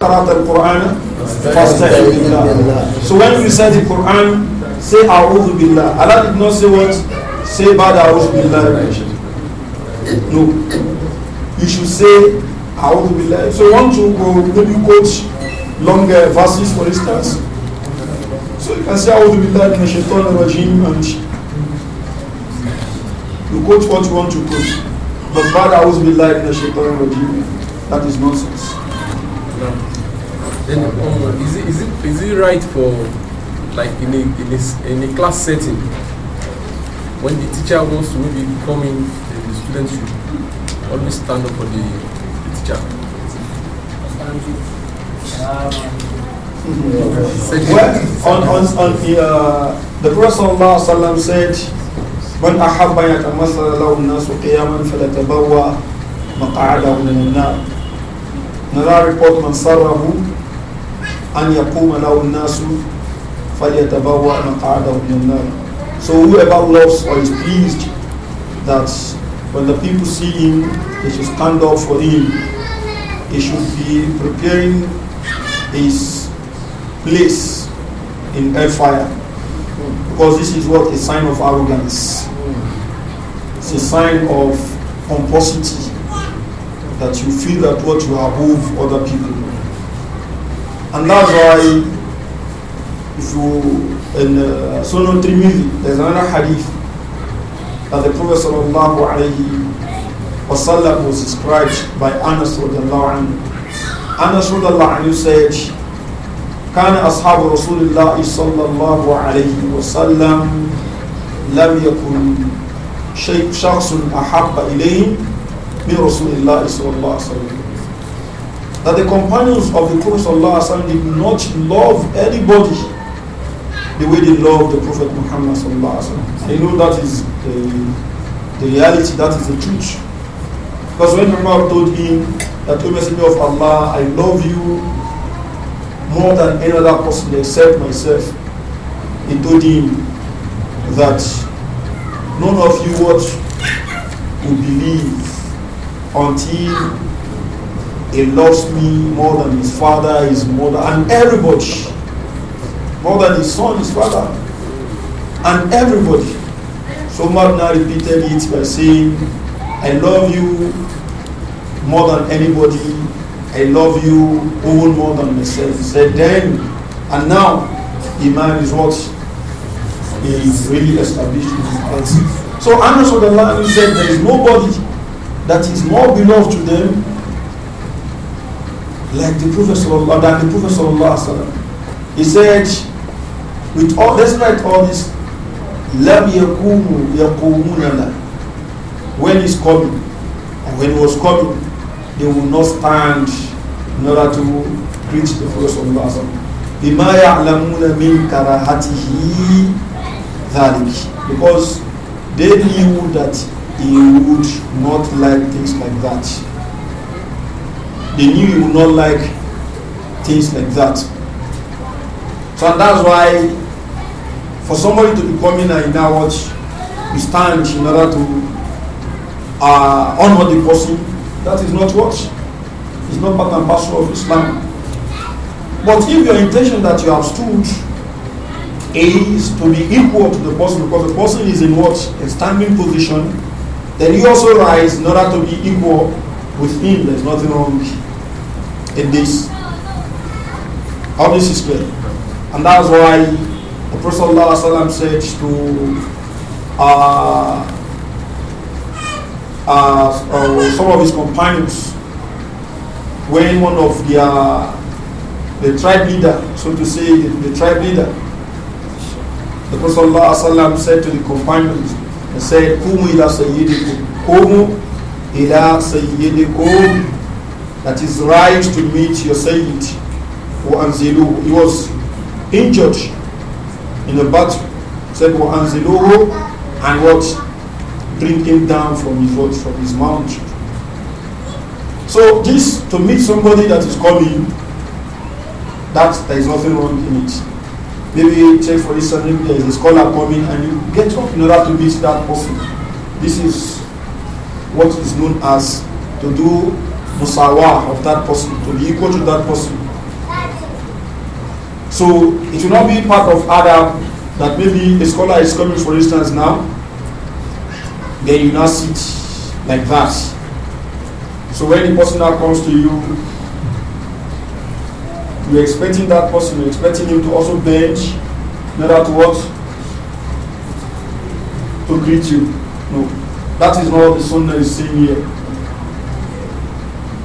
قرأت القرآن فاستعذ بالله So when you say the Quran, say أعوذ بالله. Allah did not say what? Say بعد أعوذ بالله. No. You should say أعوذ بالله. So want to go, maybe quote longer uh, verses for instance. So you can say أعوذ بالله من الشيطان الرجيم and you quote what you want to quote. But بعد أعوذ بالله من الشيطان الرجيم. That is nonsense. Yeah. Then, um, is, it, is, it, is it right for, like in a, in a, in a class setting, when the teacher wants to maybe come in, the students should always stand up for the, the teacher? well, on, on, on the, uh, the Prophet said, "When أحب يتمثل له الناس قياما فليتبوأ مقعده من النار. Another report, أن يقوم له الناس فليتبوأ مقعده من النار. So whoever loves or is pleased that when the people see him, they should stand up for him. He should be preparing his place in hellfire. Because this is what a sign of arrogance. It's a sign of pomposity that you feel that what you are above other people. And that's why if you in uh, Sunan Trimidi, there's another hadith that the Prophet sallallahu alayhi wasallam was described by Anas radiallahu anhu. Anas radiallahu anhu said, كان أصحاب رسول الله صلى الله عليه وسلم لم يكن شيء شخص أحب إليه من رسول الله صلى الله عليه وسلم that the companions of the Prophet ﷺ did not love anybody the way they loved the Prophet Muhammad. They know that is the, the reality, that is the truth. Because when Umar told him that, O Messenger of Allah, I love you more than any other person except myself, he told him that none of you would believe until he loves me more than his father, his mother, and everybody. More than his son, his father, and everybody. So Magna repeated it by saying, I love you more than anybody. I love you even more than myself. He said, then, and now, Iman is what is really established in his heart. So Anas of the Land said, there is nobody that is more beloved to them like the Prophet sallallahu than the Prophet sallallahu alaihi He said, with all despite all this, lam yakumu yakumunana. When he's coming, and when he was coming, they will not stand in order to greet the Prophet sallallahu alaihi wasallam. بما يعلمون من كراهته ذلك because they knew that he would not like things like that. He knew he would not like things like that. So that's why for somebody to become in and now watch, you stand in order to uh, honor the person. That is not what? It's not part and parcel of Islam. But if your intention that you have stood is to be equal to the person because the person is in what? A standing position, then you also rise in order to be equal with him. There's nothing wrong in this. All this is clear. And that's why the Prophet ﷺ said to uh, uh, uh, some of his companions when one of the, uh, the tribe leader, so to say, the, the tribe leader, the Prophet ﷺ said to the companions, and said, Kumu ila sayyidikum, Kumu ila sayyidikum, that is right to meet your Sayyid وأنزلوه he was injured in a battle said وأنزلوه and what bring him down from his what from his mount so this to meet somebody that is coming that there is nothing wrong in it maybe take for instance maybe there is a scholar coming and you get up in order to meet that person this is what is known as to do musawah of that person, to be equal to that person. So it will not be part of Adam that maybe a scholar is coming, for instance, now, then you now sit like that. So when the person now comes to you, you're expecting that person, you're expecting him to also bend in order to what? To greet you. No. That is not what the sunnah is saying here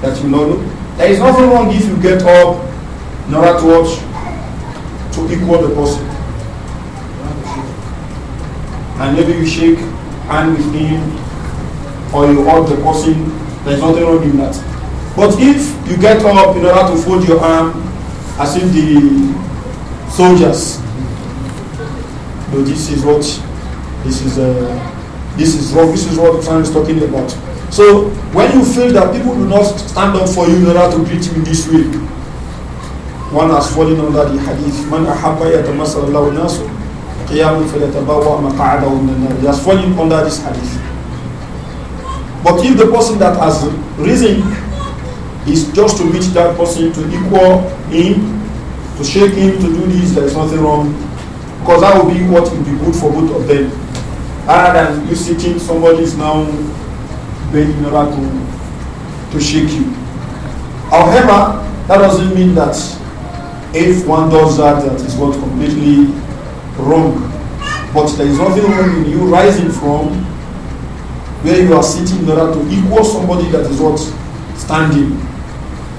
that you know there is nothing wrong if you get up in order to watch to equal the person. And maybe you shake hand with him or you hug the person, there's nothing wrong in that. But if you get up in order to fold your arm as if the soldiers, no, this is what this is uh, this is wrong, this is what the Quran is talking about. So when you feel that people do not stand up for you in order to greet you in this way, one has fallen under the hadith. Man ahabba yatamasallahu nasu qiyamun falatabawa maqa'adahu minan He has fallen under this hadith. But if the person that has risen is just to reach that person, to equal him, to shake him, to do this, there is nothing wrong. Because that will be what will be good for both of them. Rather than you sitting, somebody is now to, shake you. However, that doesn't mean that if one does that, that is what completely wrong. But there is nothing wrong in you rising from where you are sitting in order to equal somebody that is what standing,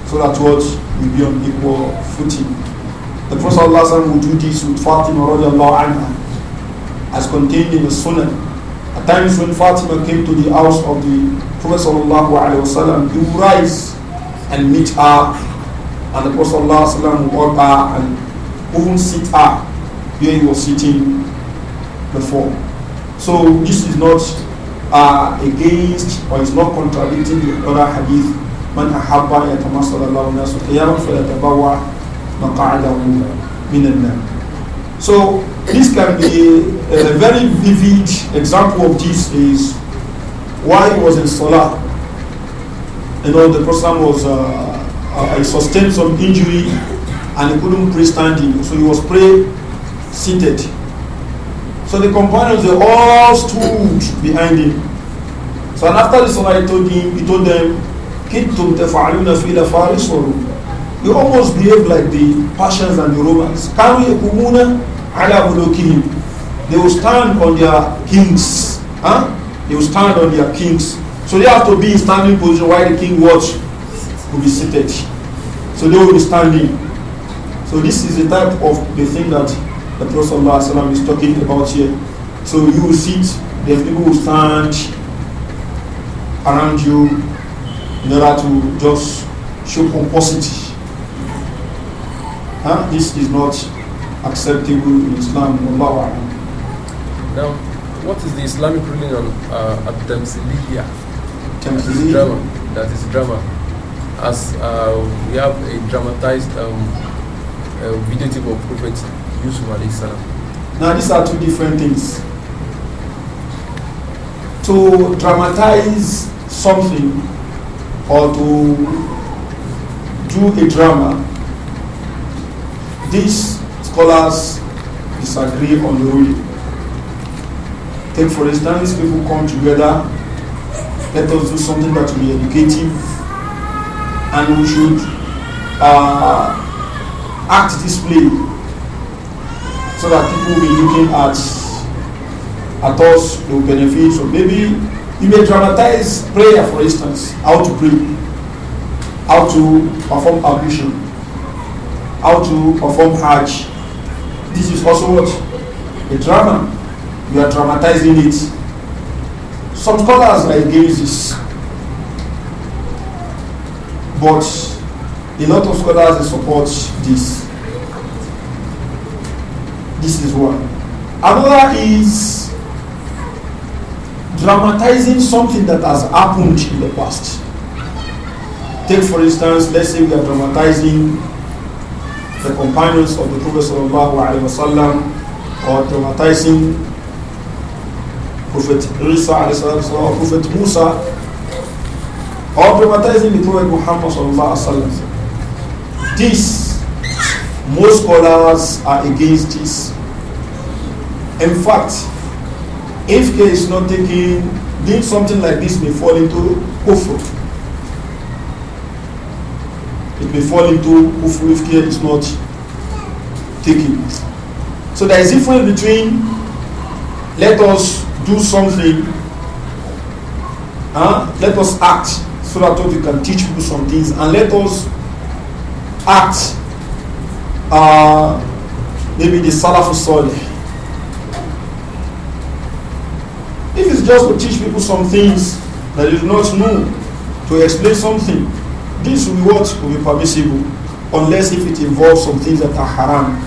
so that what will be on equal footing. The Prophet Allah would do this with Fatima anha, as contained in the Sunnah. At times when Fatima came to the house of the Prophet وسلم, he will rise and meet her, and the Prophet وسلم, will walk her and even sit her where he was sitting before. So this is not uh, against or is not contradicting the other hadith. من أحب أن يتمصل الله الناس قياما فيتبوع مقعده من النار. So this can be a very vivid example of this is while he was in Salah, you know, the person was, uh, uh, he sustained some injury and he couldn't pray standing, so he was pray seated. So the companions, they all stood behind him. So after the Salah, he told, him, he told them, كنتم You almost behaved like the Persians and the Romans. كانوا They will stand on their kings. Huh? They will stand on their kings. So they have to be in standing position while the king watch will be seated. So they will be standing. So this is the type of the thing that the Prophet is talking about here. So you will sit, there's people will stand around you in order to just show pomposity. Huh? This is not acceptable in Islam. Allah. No what is the Islamic ruling on uh, Tamsiliya? Drama. That is drama. As uh, we have a dramatized um, uh, video tape of Prophet Yusuf alayhi Now these are two different things. To dramatize something or to do a drama, these scholars disagree on the ruling. Take for instance, people come together, let us do something that will be educative, and we should uh, act this way so that people will be looking at at us, they will benefit. So maybe you may dramatize prayer, for instance, how to pray, how to perform ablution, how to perform Hajj. This is also what? A drama. You are traumatizing it. Some scholars like this, but a lot of scholars support this. This is one. Another is dramatizing something that has happened in the past. Take, for instance, let's say we are dramatizing the companions of the Prophet or dramatizing Prophet Isa or Prophet Musa, or privatizing the Prophet Muhammad sallam. This, most scholars are against this. In fact, if care is not taking, then something like this may fall into kufr. It may fall into kufr if care is not taken. So there is difference between let us do something, huh? let us act so that we can teach people some things and let us act uh, maybe the Salafus Salih. If it's just to teach people some things that do not know, to explain something, this will be what will be permissible, unless if it involves some things that are haram,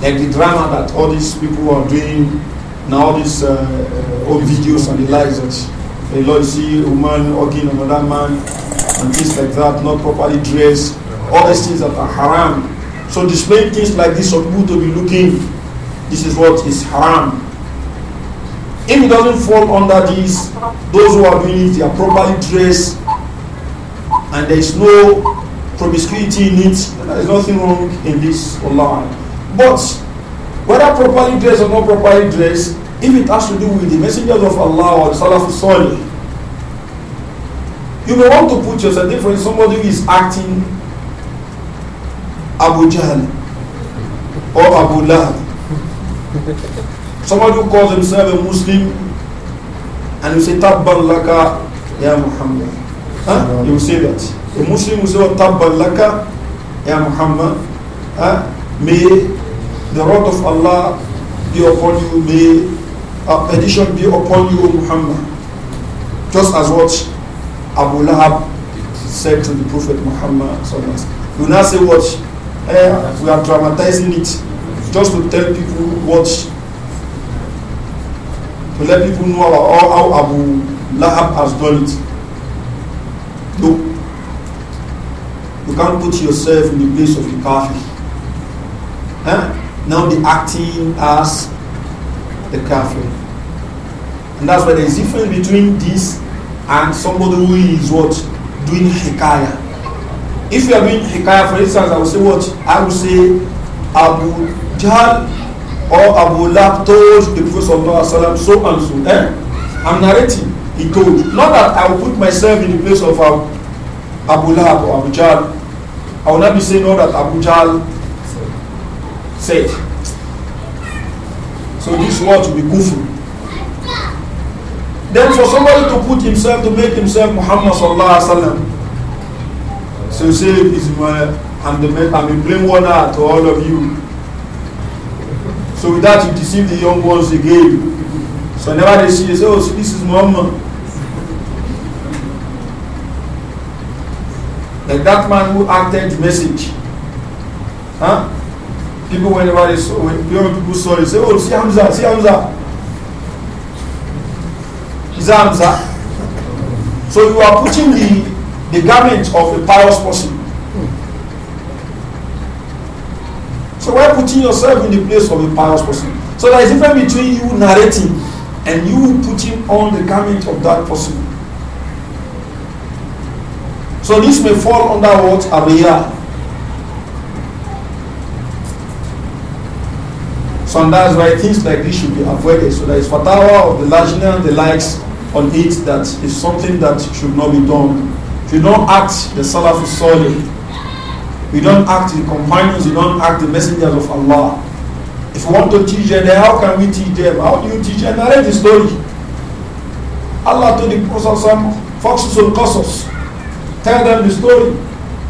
like the drama that all these people are doing now these uh, uh, old videos and the likes that uh, a lot see a woman hugging another man and things like that, not properly dressed, all these things that are haram. So displaying things like this for people to be looking, this is what is haram. If it doesn't fall under these, those who are doing it, they are properly dressed and there is no promiscuity in it. There is nothing wrong in this, online, But whether properly dressed or not properly dressed, if it has to do with the messengers of Allah or the Salaf Salih, you may want to put yourself different. Somebody who is acting Abu Jahl or Abu Lahab. Somebody who calls himself a Muslim and you say, Tabban laka ya Muhammad. Huh? You will say that. A Muslim will say, Tabban laka ya Muhammad. Huh? May the wrath of Allah be upon you, may a petition be upon you, Muhammad. Just as what Abu Lahab said to the Prophet Muhammad. You now say what? Eh, we are dramatizing it just to tell people what, to let people know how, how Abu Lahab has done it. No. You can't put yourself in the place of the kafir. Huh? now the acting as the kafir. And that's why is difference between this and somebody who is what? Doing hikaya. If you are doing hikaya, for instance, I will say what? I will say Abu Jahl or Abu Lab told the Prophet Sallallahu so and so. Eh? I'm narrating. He told. Not that I will put myself in the place of Abu Lab or Abu Jahl. I will not be saying all that Abu Jahl said. So this word will be kufr. Then for somebody to put himself, to make himself Muhammad sallallahu alaihi wasallam, so say is my I'm the man, I'm a blame warner to all of you. So with that you deceive the young ones again. So never they see you say, oh, this is Muhammad. Like that man who acted the message. Huh? People, whenever they saw, when young people saw, they say, Oh, see Hamza, see Hamza. he's that Hamza? So you are putting the, the garment of a pious person. So why putting yourself in the place of a pious person? So there is a difference between you narrating and you putting on the garment of that person. So this may fall under what? Abiyah. So and that's why things like this should be avoided. So there is fatwa of the lajna and the likes on it that is something that should not be done. If you don't act the for Salih, you don't act the companions, you don't act the messengers of Allah. If you want to teach them, how can we teach them? How do you teach them? Narrate the story. Allah told the Prophet some foxes or crows. Tell them the story.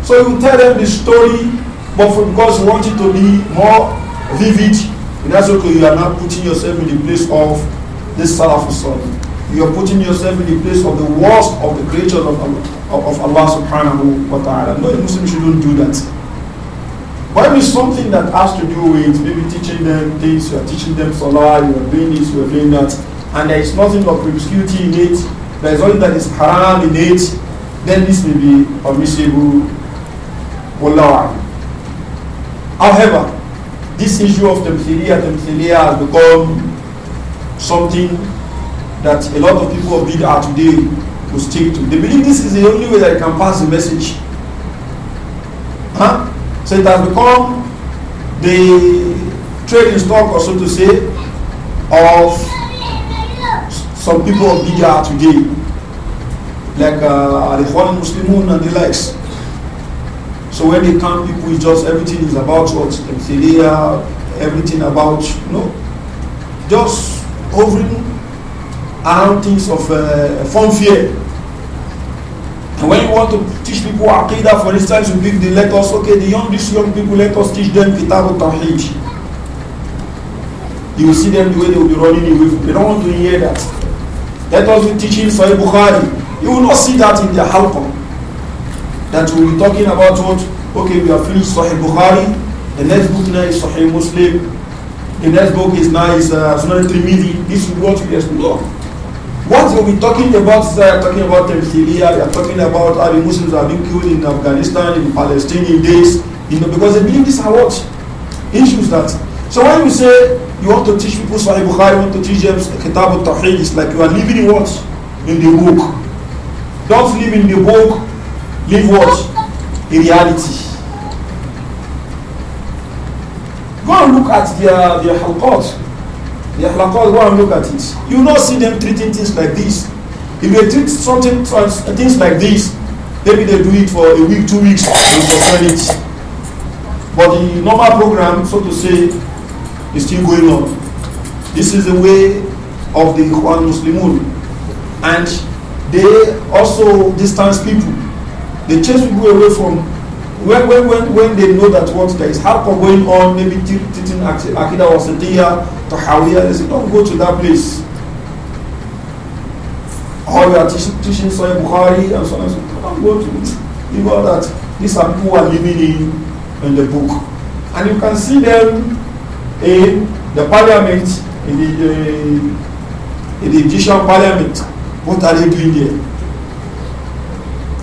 So you tell them the story, but because you want it to be more vivid, in that's okay, you are not putting yourself in the place of this Salafus You are putting yourself in the place of the worst of the creatures of Allah, of Allah subhanahu wa ta'ala. No, Muslims shouldn't do that. Maybe it's something that has to do with maybe teaching them things, you are teaching them Salah, you are doing this, you are doing that, and there is nothing of promiscuity in it, there is only that is haram in it, then this may be permissible. However, this issue of Tamthiliya, Tamthiliya has become something that a lot of people of Bid'ah today will stick to. They believe this is the only way that I can pass the message. Huh? So it has become the trading stock, or so to say, of some people of Bid'ah today, like uh, the Muslimun and the likes. So when they come, people it's just everything is about what Syria, everything about no, just hovering around things of uh, fear. And when you want to teach people Aqidah, for instance, you give the letters. okay, the young, these young people, let us teach them Kitab al-Tawheed you will see them the way they will be running away They don't want to hear that. Let us be teaching Sahih Bukhari. You will not see that in their halqa. That we will be talking about what Okay, we have finished Sahih Bukhari. The next book now is Sahih Muslim. The next book is now is uh, Sunan Trimidi. This is what we explore. What are we talking about? Uh, talking about Tamsiliya. We are talking about how the Muslims are being killed in Afghanistan, in Palestine, in this. You know, because they believe this. are what issues that. So when you say you want to teach people Sahih Bukhari, you want to teach them Kitab al-Tawheed, it's like you are living in what? In the book. Don't live in the book. Live what? In reality. Go and look at their, their halqat. Their halqat, go and look at it. You will not see them treating things like this. If they treat something, things like this, maybe they do it for a week, two weeks, they suspend it. But the normal program, so to say, is still going on. This is the way of the Ikhwan Muslimun. And they also distance people. They chase people away from when, when, when, when they know that what there is harpa going on, maybe teaching Akida Wasatiyah, Tahawiyah, they say, don't go to that place. Or you are teaching, teaching Sayyid Bukhari and so on and so on. Don't go to it. You know that these are people who are living in, in the book. And you can see them in the parliament, in the, in the Egyptian parliament. What are they doing there?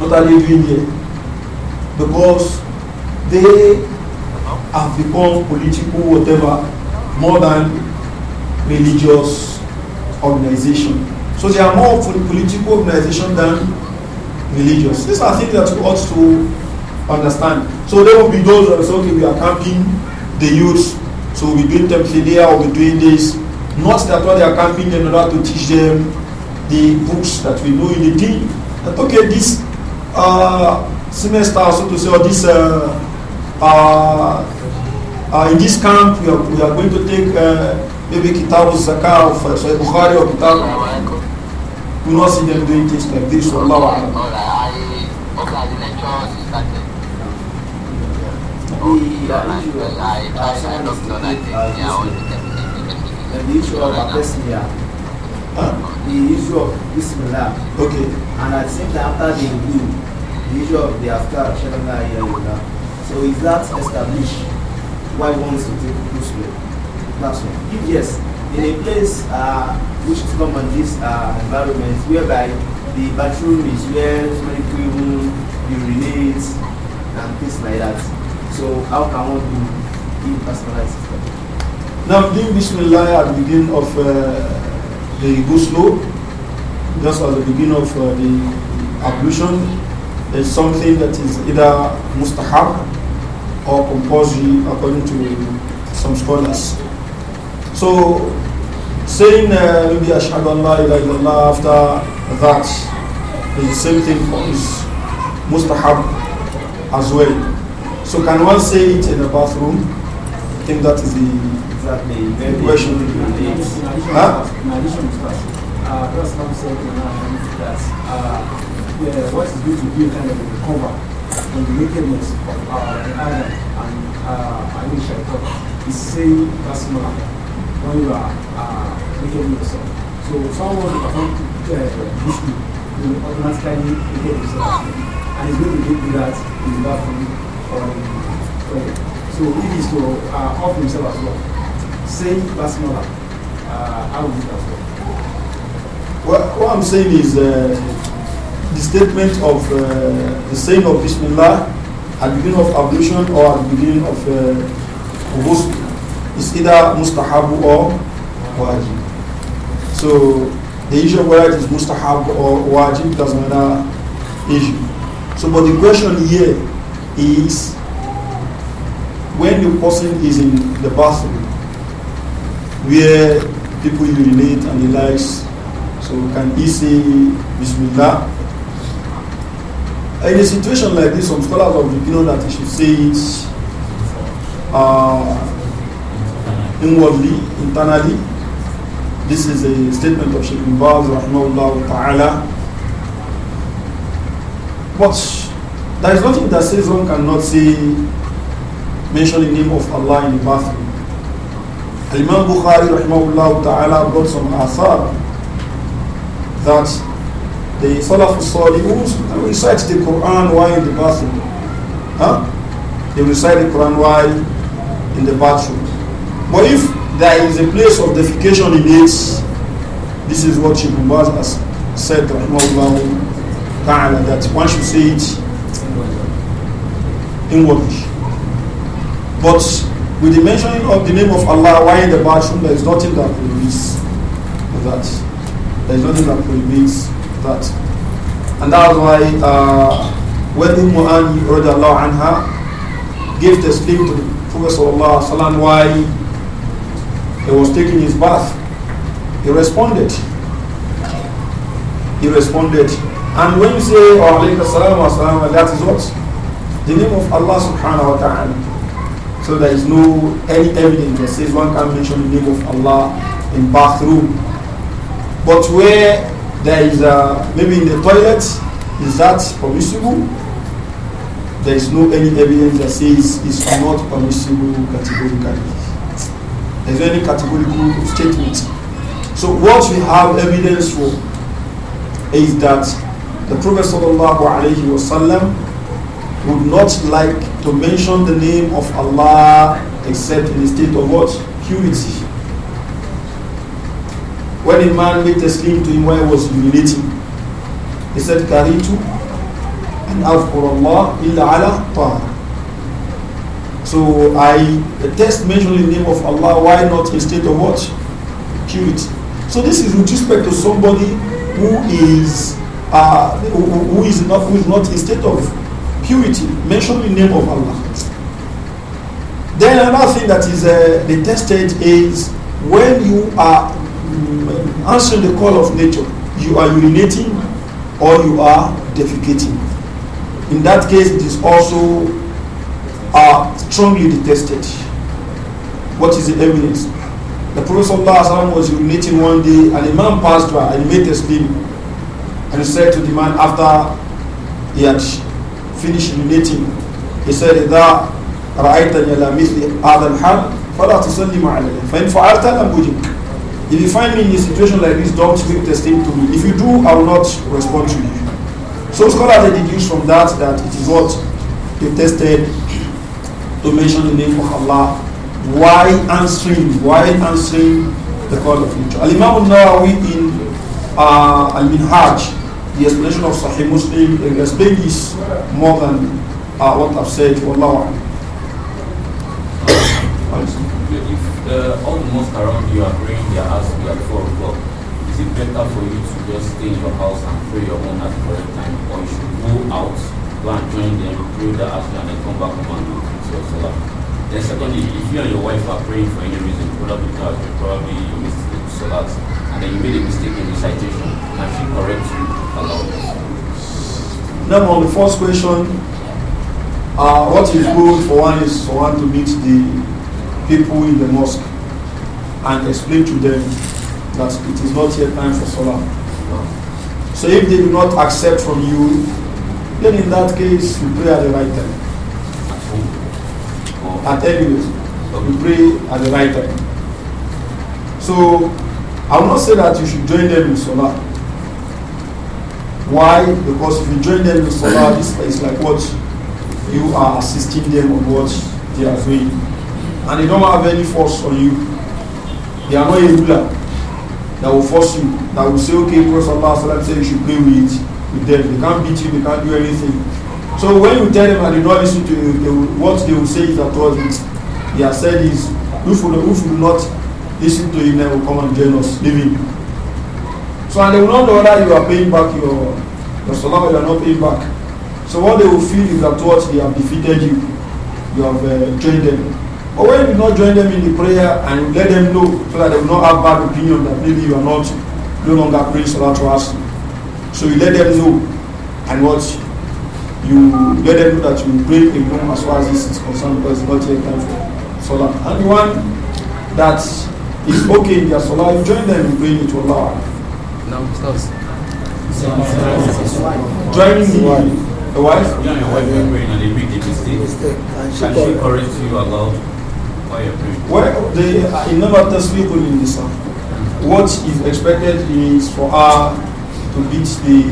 What are they doing there? because they have become political, whatever, more than religious organization. So they are more for the political organization than religious. These are things that we ought to understand. So there will be those that say, okay, we are camping the youth, so we'll be doing templidia, we'll be doing this. Not that what they are camping in order to teach them the books that we know in the team. That okay, this uh, semester, so to say, or this, uh, uh, uh, in this camp, we are, we are going to take uh, maybe Kitab al-Zakah of uh, Bukhari or Kitab. We not see them doing things like this. Wallahu a'lam. The issue of Abbasia, huh? the issue of Bismillah, okay. and at the same time after they do, religion of the Afghan Shanghai Yoga. So is that established why wants to take people to classroom? If yes, in a place uh, which is common this uh, environment whereby the bathroom is where many people urinate and things like that. So how can one do personalized system? Now doing Bismillah at the beginning of uh, the Ghusl, just at the beginning of uh, the ablution, is something that is either mustahab or compulsory according to some scholars. So saying maybe uh, ashhadu an after that is the same thing for mustahab as well. So can one say it in the bathroom? I think that is the exactly. Maybe question. No, addition, huh? in addition to that uh, uh, what is going to be kind of a cover on the nakedness of uh, the island and uh, Anisha is saying that's not when you are uh, naked yourself. So someone who performs uh, Vishnu will automatically naked himself and he's going to do that in love or in the So he is to uh, offer himself as well. Saying that's not uh, I will do that as well. What, what I'm saying is uh, the statement of uh, the saying of Bismillah at the beginning of ablution or at the beginning of uh, ghusl uh, is either mustahabu or wajib. So the issue of whether it is mustahab or wajib does not matter issue. So but the question here is when the person is in the bathroom where people urinate and the likes, so can he say Bismillah in a situation like this, some scholars are of the opinion that he should say it uh, inwardly, internally. This is a statement of Sheikh Ibn Baz, rahmahullah ta'ala. But there is nothing that says one cannot say, mention the name of Allah in the bathroom. Imam Bukhari, rahmahullah ta'ala, brought some asar that the Salaf Salihus, and recite the Quran while in the bathroom. Huh? They recite the Quran while in the bathroom. But if there is a place of defecation in it, this is what Sheikh Mubaz has said, ta'ala, that one should say it English. But with the mentioning of the name of Allah while in the bathroom, there is nothing that prohibits that. There is nothing that prohibits that. And that's why uh, when Umm Ani anha gave the slip to the Prophet sallam, why he was taking his bath, he responded. He responded. And when you say, oh, alayka salam salam, that is what? The name of Allah subhanahu wa ta'ala. So there is no any evidence that says one can mention the name of Allah in bathroom. But where there is a, uh, maybe in the toilet, is that permissible? There is no any evidence that says it's not permissible categorically. There's any categorical statement. So what we have evidence for is that the Prophet wasallam would not like to mention the name of Allah except in a state of what? Purity when a man made a taslim to him while he was humiliating, he said, Karitu and Allah illa ala ta'ah. So I test text the name of Allah, why not a state of what? Purity. So this is with respect to somebody who is uh, who is not who is not in state of purity. mentioning the name of Allah. Then another thing that is uh, detested is when you are answering the call of nature, you are urinating or you are defecating. In that case, it is also uh, strongly detested. What is the evidence? The Prophet ﷺ was urinating one day, and a man passed by and made a slip. and said to the man after he had finished urinating, he said, إذا رأيتني على مثل هذا الحال فلا تسلم علي فإن فعلت لم أجبك if you find me in a situation like this, don't speak the to me. If you do, I will not respond to you. So scholars deduce from that that it is what they tested to mention the name of Allah. Why answering? Why answering the call of nature? Al Imam Nawawi in uh, Al Minhaj, the explanation of Sahih Muslim, uh, explain this more than uh, what I've said. Wallahu the, all the mosques around you are praying their asr at 4 o'clock. Is it better for you to just stay in your house and pray your own at the correct time? Or you should go out, go and join them, pray the asr, and then come back home and do your salah? Then secondly, if you and your wife are praying for any reason, probably because probably you missed the salat, and then you made a mistake in recitation, and she corrects you, allow Now on the first question, uh, what is good for one is for one to meet the people in the mosque and explain to them that it is not yet time for Salah. So if they do not accept from you, then in that case you pray at the right time. At any you pray at the right time. So I will not say that you should join them in Salah. Why? Because if you join them in Salah, this place like what? You are assisting them on what they are doing and they don't have any force on you. They are not a ruler that will force you, that will say, okay, Prophet Allah said you should play with, with them. They can't beat you, they can't do anything. So when you tell them and they don't listen to you, they will, what they will say is that what they have said is, if you will not listen to him, They will come and join us, leaving. So and they will not know that you are paying back your, your salah, you are not paying back. So what they will feel is that what they have defeated you, you have uh, joined them. But when you not join them in the prayer and let them know so that they will not have bad opinion that maybe you are not no longer praying Salah to us. So you let them know and what you let them know that you pray alone as far as this is concerned because it's not yet time for Salah. And the one that is okay in their Salah, you join them in praying to Allah. No, stars. Joining me, the wife? Yeah, your wife is praying and they make the mistake. Can she correct you about? Well, the Innova uh, Tasbihul in Nisa. What is expected is for her to beat the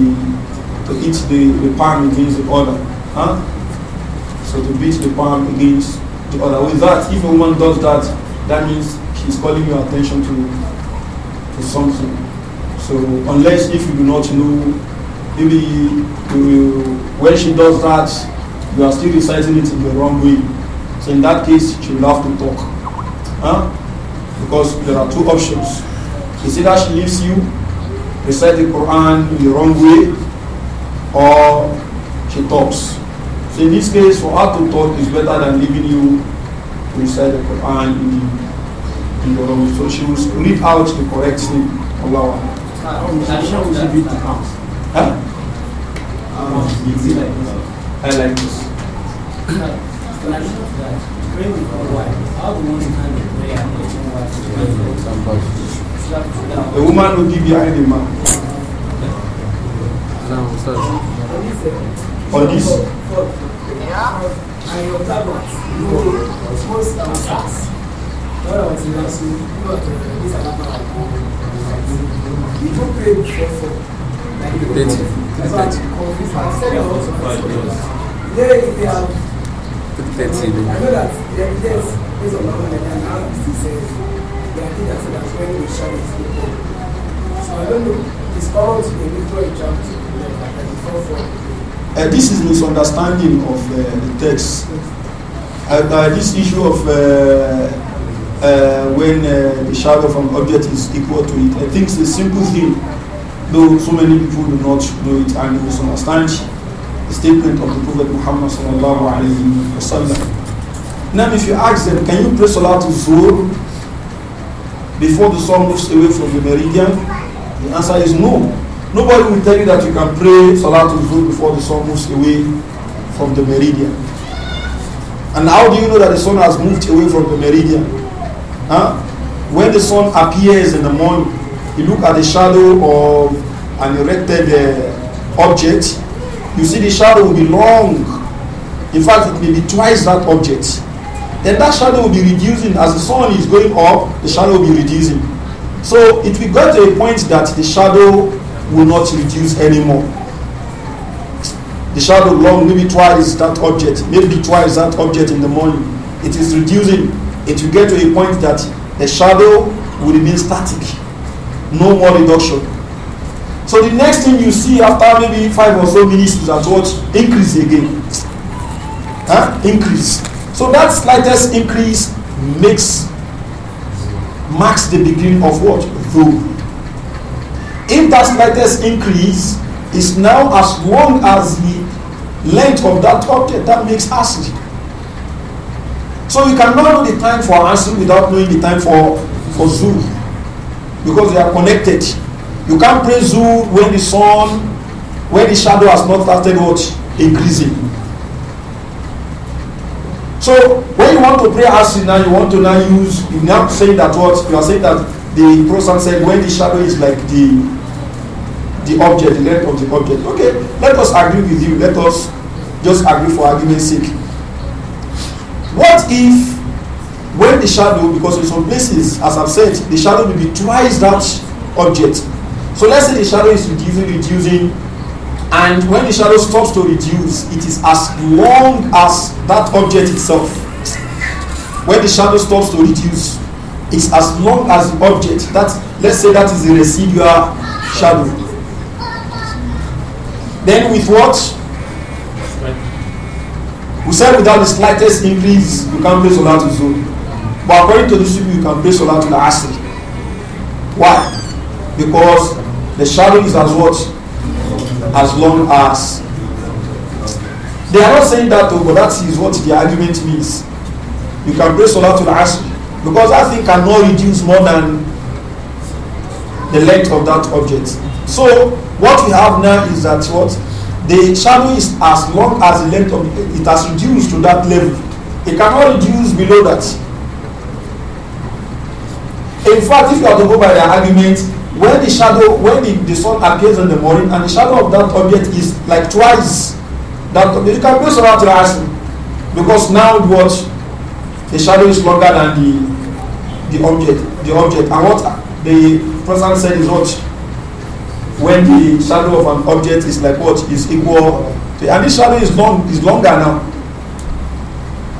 to hit the, the palm against the other. Huh? So to beat the palm against the other. With that, if a woman does that, that means she's calling your attention to to something. So unless if you do not know, maybe you, when she does that, you are still reciting it in the wrong way. So in that case, she will have to talk. Huh? Because there are two options. either she leaves you, recite the Quran in the wrong way, or she talks. So in this case, for her to talk is better than leaving you to recite the Quran in the, in the wrong way. So she will read out the correct thing. Allah. I like this. The woman who give you any man. Now, sir. On this. And I was in last week, you were this You don't pray before four. you don't. That's what I confuse myself. I know that there is based on and when we people. So I don't know, it's a mutual all for uh, this is misunderstanding of uh, the text. Uh, uh this issue of uh, uh, when the shadow of an object is equal to it, I think it's a simple thing, though so many people do not know it and misunderstand statement of the Prophet Muhammad sallallahu alayhi wa sallam. Now if you ask them, can you pray Salat al-Zuhr before the sun moves away from the meridian? The answer is no. Nobody will tell you that you can pray Salat al-Zuhr before the sun moves away from the meridian. And how do you know that the sun has moved away from the meridian? Huh? When the sun appears in the morning, you look at the shadow of an erected uh, object you see the shadow will be long. In fact, it may be twice that object. Then that shadow will be reducing. As the sun is going up, the shadow will be reducing. So it will get to a point that the shadow will not reduce anymore. The shadow long, maybe twice that object, maybe twice that object in the morning. It is reducing. It will get to a point that the shadow will remain static. No more reduction. So the next thing you see after maybe five or so minutes is that what increase again. Huh? Increase. So that slightest increase makes marks the beginning of what? Though. If that slightest increase is now as long as the length of that object, that makes acid. So you cannot know the time for acid without knowing the time for, for zoom because they are connected. You can't pray Zuhr when the sun, when the shadow has not started what? Increasing. So when you want to pray Asr now, you want to now use, you now say that what? You are saying that the person said when the shadow is like the the object, the length of the object. Okay, let us agree with you. Let us just agree for argument's sake. What if when the shadow, because in some places, as I've said, the shadow will be twice that object. So let's say the shadow is reducing, reducing, and when the shadow stops to reduce, it is as long as that object itself. When the shadow stops to reduce, it's as long as the object that let's say that is the residual shadow. Then with what? We said without the slightest increase, you can place solar to zone. But according to the Sufi, you can place solar to the acid. Why? Because the shadow is as what? As long as. They are not saying that, though, but that is what the argument means. You can pray Salatul Asr because that thing cannot reduce more than the length of that object. So what we have now is that what the shadow is as long as the length of it has reduced to that level. It cannot reduce below that. In fact, if you are to go by the argument, when the shadow, when the, the sun appears in the morning and the shadow of that object is like twice that object, you can do around al Asr because now what the shadow is longer than the the object, the object, and what the person said is what when the shadow of an object is like what is equal to, and this shadow is long is longer now.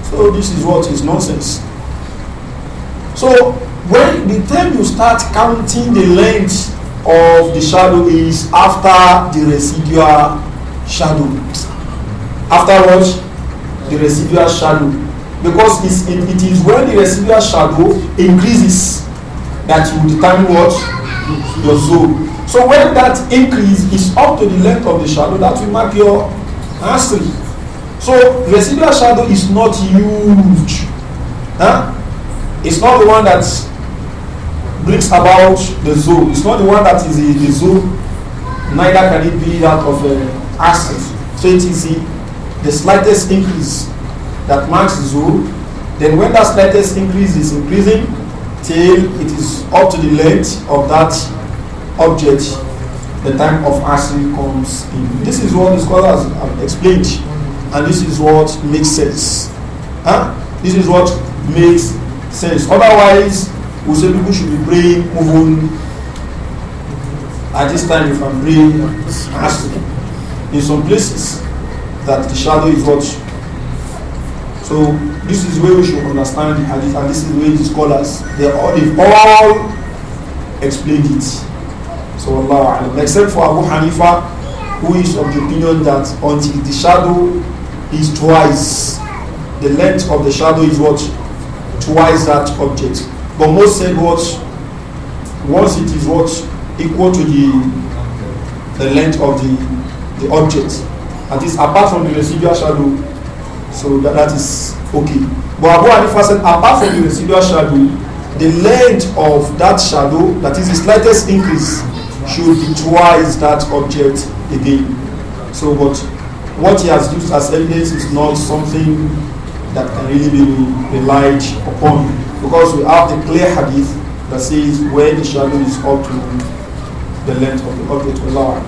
So this is what is nonsense. So when the time you start counting the length of the shadow is after the residual shadow After what the residual shadow because it's, it, it is when the residual shadow increases that you determine what your zone so when that increase is up to the length of the shadow that will mark your nursery. so residual shadow is not huge huh? it's not the one that's brings about the zoo. It's not the one that is the, the zoo, neither can it be that of an uh, acid. So it is the, the slightest increase that marks zoo. Then when that slightest increase is increasing till it is up to the length of that object, the time of acid comes in. This is what the scholars have explained, and this is what makes sense. Huh? This is what makes sense. Otherwise, we say people should be praying, moving. At this time, if I'm praying, in some places, that the shadow is what. So this is where we should understand the hadith, and this is where the scholars they all they've all explained it. So Allah Except for Abu Hanifa, who is of the opinion that until the shadow is twice, the length of the shadow is what twice that object. But most said what once it is what equal to the the length of the the object. At least apart from the residual shadow, so that, that is okay. But Abu Hanifa said apart from the residual shadow, the length of that shadow, that is the slightest increase, should be twice that object again. So what what he has used as evidence is not something that can really be relied upon. Because we have the clear hadith that says where the shadow is up to the length of the object of Allah.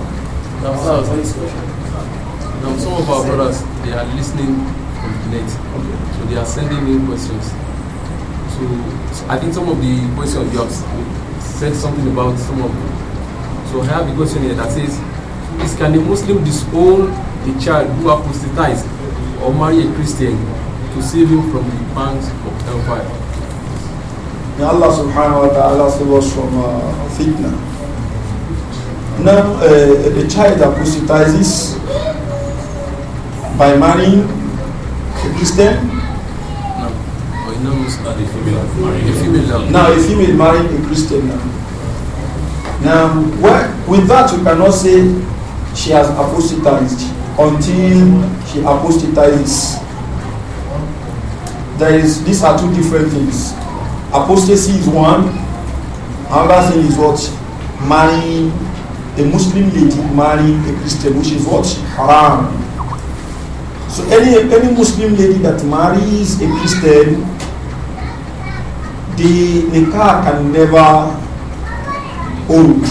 Now, now some of our brothers, they are listening from the net. Okay. So they are sending in questions. So, so I think some of the questions you have said something about some of them. So I have a question here that says, is can a Muslim disown a child who apostatized or marry a Christian to save him from the pangs of hellfire? May Allah subhanahu wa ta'ala save us from uh, fitna. Now, uh, the child apostatizes by marrying a Christian. No, well, no, a female a female. Now, a female marrying a Christian. Now, now well, with that, we cannot say she has apostatized until she apostatizes. There is, these are two different things. Apostasy is one. Another thing is what? Marrying a Muslim lady, marrying a Christian, which is what? Haram. So any, any Muslim lady that marries a Christian, the nikah can never hold.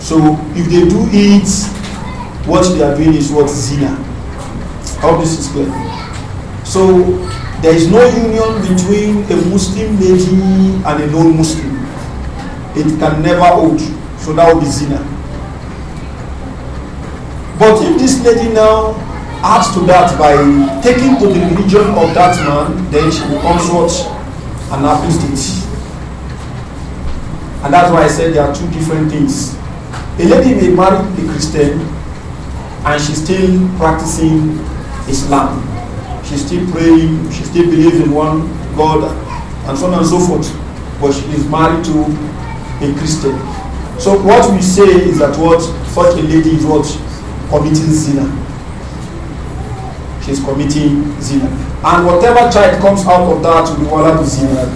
So if they do it, what they are doing is what? Zina. All this is clear. So there is no union between a Muslim lady and a non-Muslim. It can never hold. So that would be zina. But if this lady now adds to that by taking to the religion of that man, then she becomes what? An apostate. And that's why I said there are two different things. A lady may marry a Christian and she's still practicing Islam she's still praying, she still believes in one God, and so on and so forth. But she is married to a Christian. So what we say is that what such a lady is what committing zina. She's committing zina. And whatever child comes out of that will be wala zina.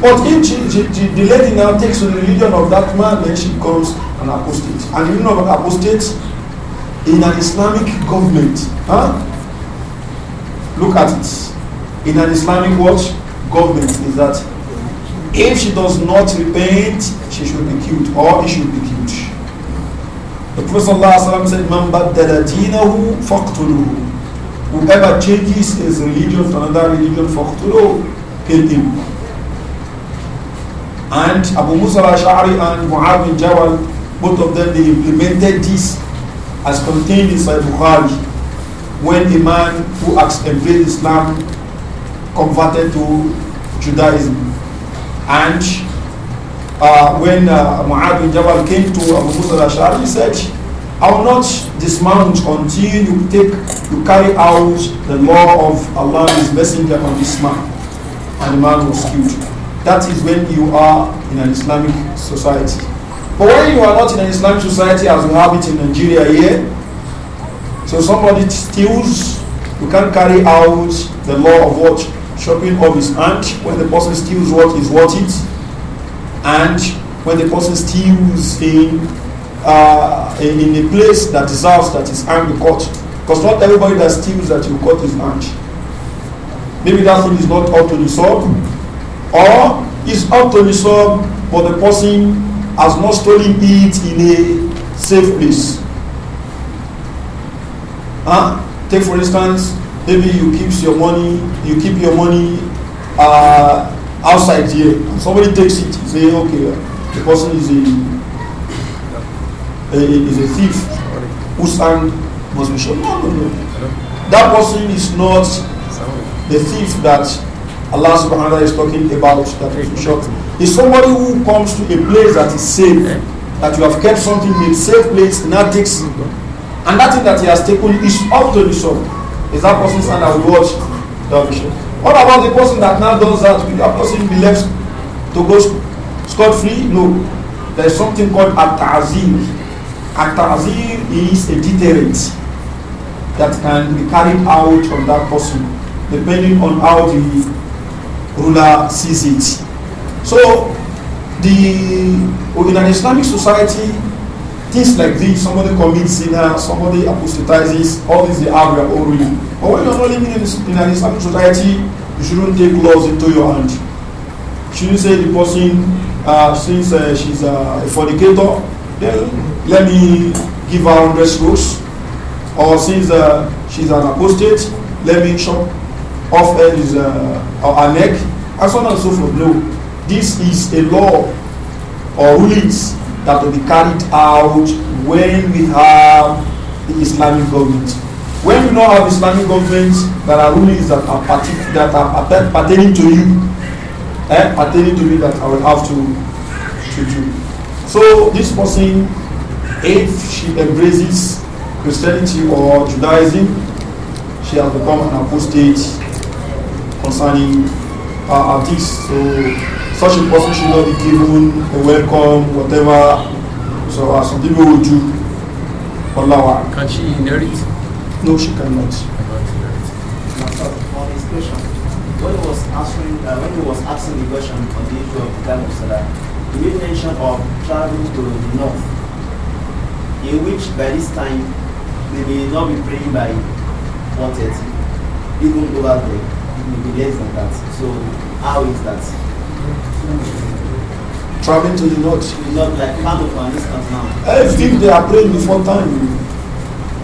But if she, she, she, the lady now takes the religion of that man, then she becomes an apostate. And you know an apostate in an Islamic government. Huh? Look at it. In an Islamic world, government is that if she does not repent, she should be killed or he should be killed. The Prophet ﷺ said, Man baddadadinahu Whoever changes his religion to another religion, faqtuluhu, kill him. And Abu Musa al-Ash'ari and Muḥammad ibn Jawal, both of them, they implemented this as contained in Sahih Bukhari when a man who has embraced Islam converted to Judaism. And uh, when uh, bin Jabal came to Abu Musa al he said, I will not dismount until you take, you carry out the law of Allah and His Messenger on this man. And the man was killed. That is when you are in an Islamic society. But when you are not in an Islamic society as we have it in Nigeria here, so somebody steals, you can't carry out the law of what? Chopping of his hand. When the person steals what is worth it. And when the person steals in, uh, in, a place that deserves that is his hand caught. Because not everybody that steals that you caught his hand. Maybe that thing is not up to the sub. Or it's up to the sub, but the person has not stolen it in a safe place. Huh? Take for instance, maybe you keep your money, you keep your money uh, outside here. Somebody takes it, say, okay, the person is a, a is a thief whose hand must be shot. No, no, no. That person is not the thief that Allah subhanahu wa ta'ala is talking about that be shot. It's somebody who comes to a place that is safe, that you have kept something in a safe place, and that takes And that thing that he has taken is up to the sun. Is that person stand that will watch that vision? What about the person that now does that? Will that person be left to go scot free? No. There is something called atazir. Atazir is a deterrent that can be carried out on that person depending on how the ruler sees it. So, the in an Islamic society, things like this, somebody commits sinner, somebody apostatizes, all these they have their own But when you're not living in, in an Islamic society, you shouldn't take laws into your hand. Shouldn't say the person, uh, since uh, she's uh, a fornicator, then let me give her 100 scrolls. Or since uh, she's an apostate, let me chop off her, his, uh, her neck, and so on and so forth. No, this is a law or rulings that will be carried out when we have the Islamic government. When you know have Islamic governments, there are rulings that are, partic- that are pertaining to you, eh, pertaining to me that I will have to, to do. So this person, if she embraces Christianity or Judaism, she has become an apostate concerning uh, this. So such a person should not be given a welcome, whatever. So as some people will do. Allah. Can she inherit? No, she cannot. Master, on when he was answering, uh, when he was asking the question on the issue of the time of Salah, he made mention of traveling to the north, in which by this time they may not be praying by 1.30, even over there, it may be less than that. So how is that? Traveling to the north. is not like Kano for instance now. If, they are praying before time,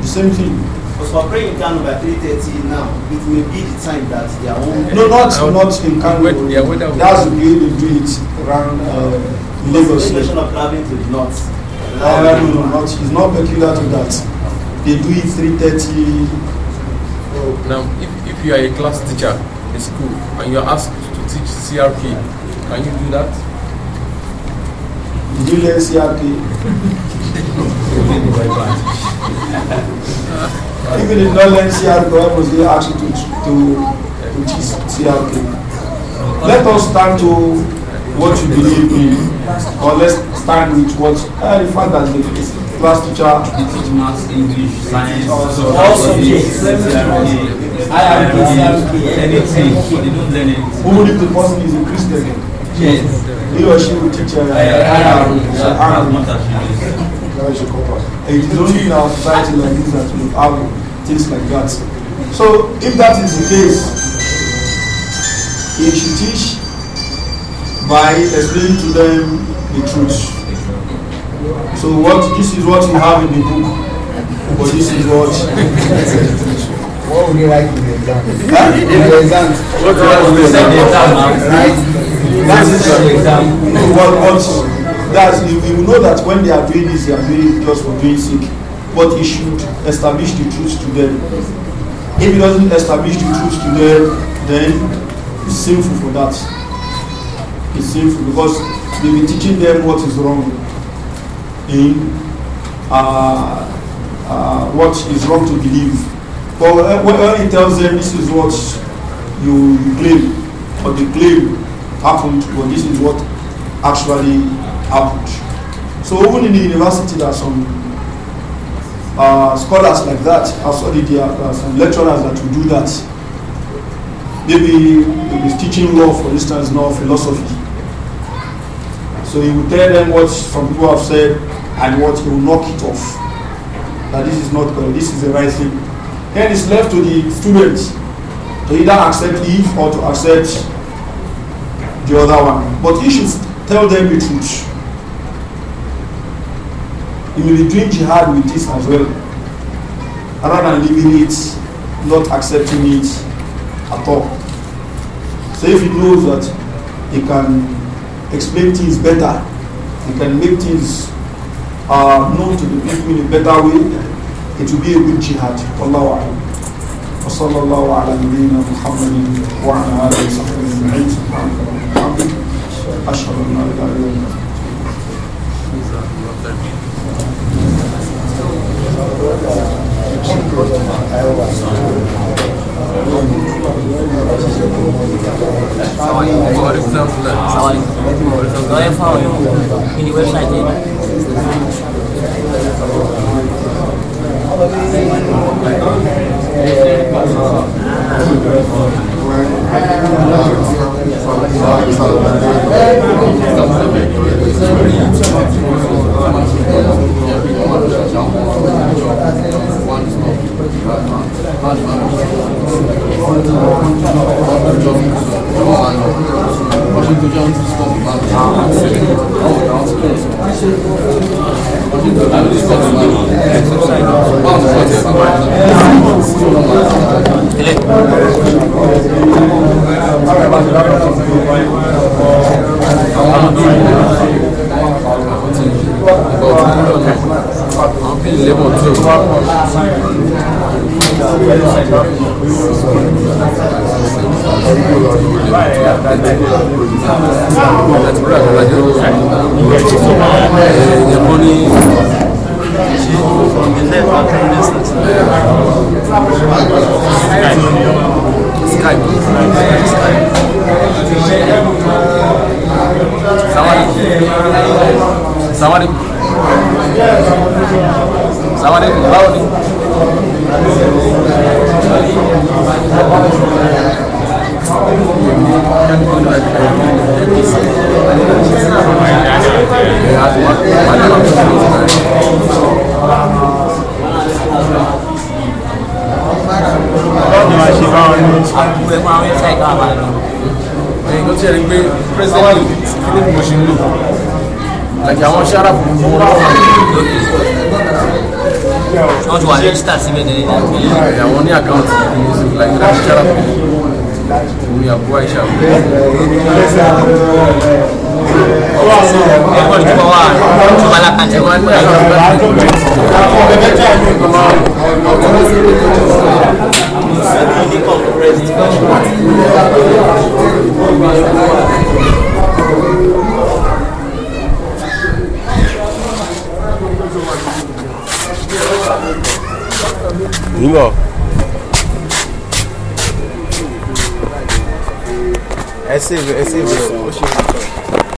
the same thing. Because for we're praying in Kano by 3.30 now, it may be the time that they are home. No, not, not in Kano. That's the way they do it around uh, Lagos. The of traveling to the north. Uh, no, no, not, it's not peculiar to that. They do it 3.30. Now, if, if you are a class teacher in school and you are asked to teach CRP, Can you do that? Did you learn CRK? Even if not learn CRP, God was going to to, to, to teach CRK. Let us stand to what you believe in, or let's stand with what uh, the fact that the class teacher they teach maths, English, science, also, also I am anything. They don't learn anything. Only the person is a Christian. He or she will teach her. It is only in our society like this that we have things like that. So if that is the case, he should teach by explaining to them the truth. So what this is what you have in the book, but this is what. what would you like in the exam? Huh? In the exam. What you like in the exam? Right. That That's it. What, what, That you, you know that when they are doing this, they are doing it just for doing sick. But he should establish the truth to them. If he doesn't establish the truth to them, then it's sinful for that. It's sinful because they'll be teaching them what is wrong in uh, uh, what is wrong to believe. But uh, when he tells them this is what you, you claim, or they claim, happened, but this is what actually happened. So even in the university, there are some uh, scholars like that. Actually, there are uh, uh, some lecturers that will do that. Maybe he's teaching law, for instance, not philosophy. So he will tell them what some people have said and what he will knock it off. That this is not correct, this is the right thing. Then it's left to the students to either accept leave or to accept the other one. But you should tell them the truth. You may be doing jihad with this as well. Rather than leaving it, not accepting it at all. So if he knows that he can explain things better, he can make things uh, known to the people in a better way, it will be a good jihad. Wallahu a'lam. وصلى الله على Skype. Skype. Salaam alaikum. Salaam alaikum. Báwo ni? Thank you ọlọ́run máa ṣe báwọn ní. àbúrò ẹ̀ máa ń wẹ́tà like that sára fún mi. orí so ẹ̀kọ́ tí wọ́n wà tó wà lákàtí wọn ní ọjọ́ Bingo. Ẹ ṣe ìwé, ẹ ṣe ìwé, ó ṣe.